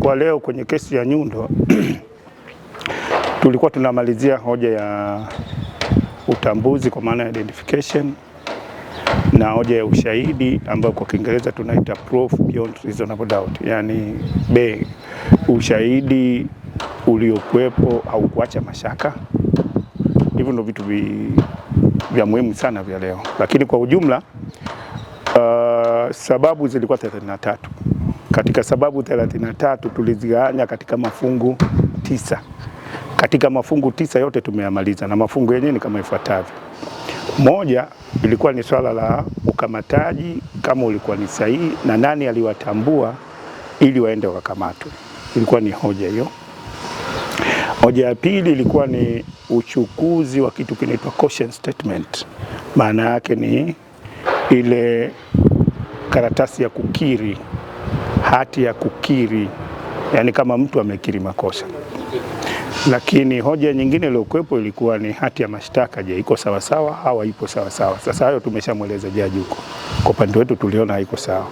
Kwa leo kwenye kesi ya Nyundo tulikuwa tunamalizia hoja ya utambuzi kwa maana ya identification na hoja ya ushahidi ambayo kwa Kiingereza tunaita proof beyond reasonable doubt, yani be ushahidi uliokuwepo au kuacha mashaka. Hivyo ndio vitu vya muhimu sana vya leo, lakini kwa ujumla uh, sababu zilikuwa 33. Katika sababu 33 tulizigawanya katika mafungu tisa. Katika mafungu tisa yote tumeyamaliza, na mafungu yenyewe ni kama ifuatavyo. Moja ilikuwa ni swala la ukamataji, kama ulikuwa ni sahihi na nani aliwatambua ili waende wakamatwe, ilikuwa ni hoja hiyo. Hoja ya pili ilikuwa ni uchukuzi wa kitu kinaitwa caution statement, maana yake ni ile karatasi ya kukiri hati ya kukiri, yani kama mtu amekiri makosa. Lakini hoja nyingine iliyokuwepo ilikuwa ni hati ya mashtaka. Je, iko sawasawa au haipo sawasawa? Sasa hayo tumeshamweleza jaji huko, kwa upande wetu tuliona haiko sawa.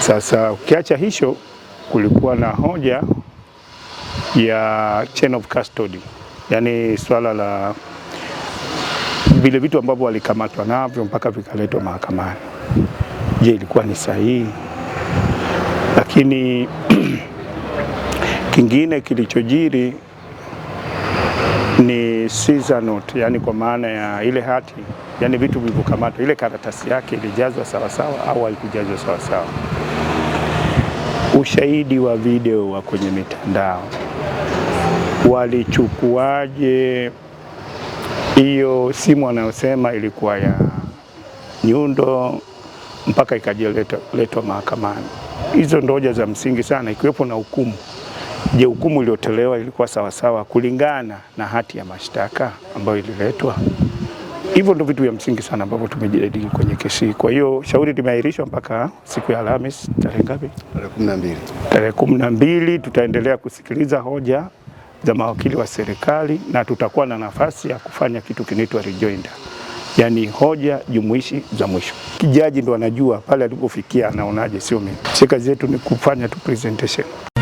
Sasa ukiacha hicho, kulikuwa na hoja ya chain of custody, yani swala la vile vitu ambavyo walikamatwa navyo mpaka vikaletwa mahakamani. Je, ilikuwa ni sahihi? Lakini kingine kilichojiri ni Caesar note, yani kwa maana ya ile hati, yani vitu vilivyokamatwa, ile karatasi yake ilijazwa sawasawa au haikujazwa sawasawa. Ushahidi wa video wa kwenye mitandao, walichukuaje hiyo simu anayosema ilikuwa ya Nyundo mpaka ikajaletwa mahakamani. Hizo ndo hoja za msingi sana, ikiwepo na hukumu. Je, hukumu iliyotolewa ilikuwa sawasawa kulingana na hati ya mashtaka ambayo ililetwa? Hivyo ndo vitu vya msingi sana ambavyo tumejadili kwenye kesi. Kwa hiyo shauri limeahirishwa mpaka siku ya Alhamis tarehe ngapi? Tarehe mbili Tarehe mbili tutaendelea kusikiliza hoja za mawakili wa serikali na tutakuwa na nafasi ya kufanya kitu kinaitwa rejoinder yani hoja jumuishi za mwisho. Kijaji ndo anajua pale alipofikia, anaonaje, sio mimi. Si kazi yetu ni kufanya tu presentation.